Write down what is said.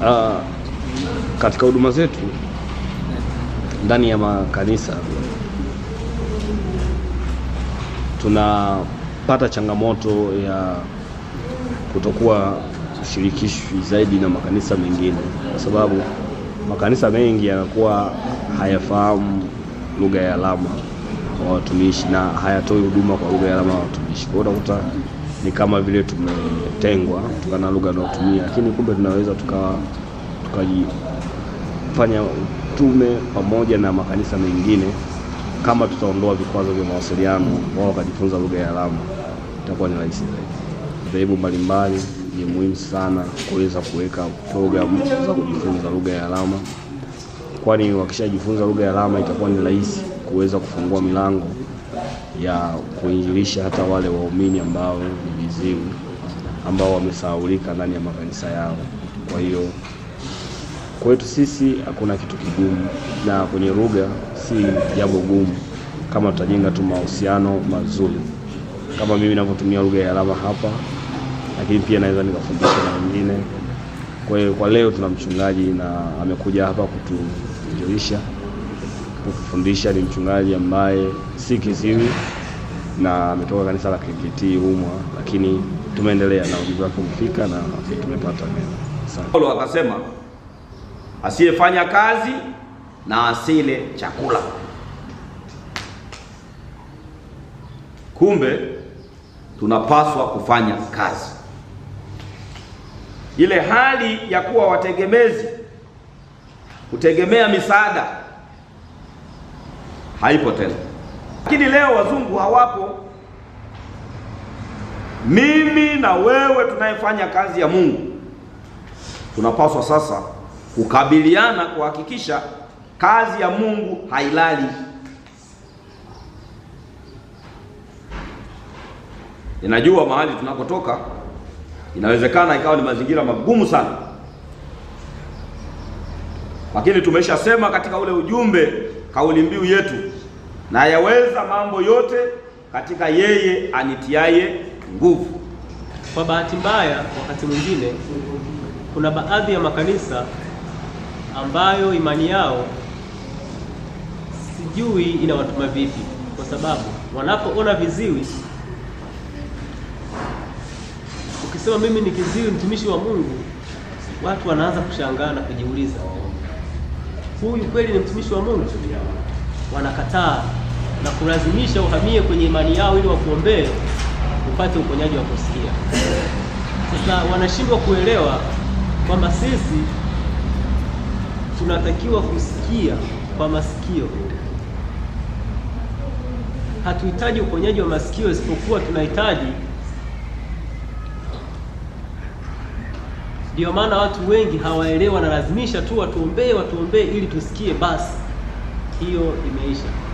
Uh, katika huduma zetu ndani ya makanisa tunapata changamoto ya kutokuwa shirikishwi zaidi na makanisa mengine, kwa sababu makanisa mengi yanakuwa hayafahamu lugha ya alama kwa watumishi na hayatoi huduma kwa lugha ya alama ya watumishi, kwa hiyo unakuta ni kama vile tumetengwa kutokana na lugha tunayotumia, lakini kumbe tunaweza tukajifanya tume pamoja na makanisa mengine, kama tutaondoa vikwazo vya mawasiliano, wao wakajifunza lugha ya alama, itakuwa ni rahisi zaidi. Madhehebu mbalimbali ni muhimu sana kuweza kuweka programu za kujifunza lugha ya alama, kwani wakishajifunza lugha ya alama itakuwa ni rahisi kuweza kufungua milango ya kuinjilisha hata wale waumini ambao ni viziwi ambao wamesahaulika ndani ya makanisa yao. Kwa hiyo kwetu sisi hakuna kitu kigumu, na kwenye lugha si jambo gumu kama tutajenga tu mahusiano mazuri, kama mimi ninavyotumia lugha ya alama hapa, lakini pia naweza nikafundisha na wengine. Kwa hiyo kwa leo tuna mchungaji na amekuja hapa kutujulisha kufundisha ni mchungaji ambaye si kiziwi na ametoka kanisa la KKKT umwa lakini tumeendelea na ujuzi wake umefika na tumepata mema. Paulo akasema asiyefanya kazi na asile chakula. Kumbe tunapaswa kufanya kazi. Ile hali ya kuwa wategemezi, kutegemea misaada haipo tena, lakini leo wazungu hawapo. Mimi na wewe tunayefanya kazi ya Mungu tunapaswa sasa kukabiliana kuhakikisha kazi ya Mungu hailali, inajua mahali tunakotoka. Inawezekana ikawa ni mazingira magumu sana, lakini tumeshasema katika ule ujumbe, kauli mbiu yetu na yaweza mambo yote katika yeye anitiaye nguvu. Kwa bahati mbaya, wakati mwingine kuna baadhi ya makanisa ambayo imani yao sijui inawatuma vipi, kwa sababu wanapoona viziwi, ukisema mimi ni kiziwi mtumishi wa Mungu, watu wanaanza kushangaa na kujiuliza, huyu kweli ni mtumishi wa Mungu? Wanakataa na kulazimisha uhamie kwenye imani yao ili wakuombee upate uponyaji wa kusikia. Sasa wanashindwa kuelewa kwamba sisi tunatakiwa kusikia kwa masikio. Hatuhitaji uponyaji wa masikio, isipokuwa tunahitaji. Ndio maana watu wengi hawaelewa, wanalazimisha tu watuombee, watuombee ili tusikie, basi hiyo imeisha.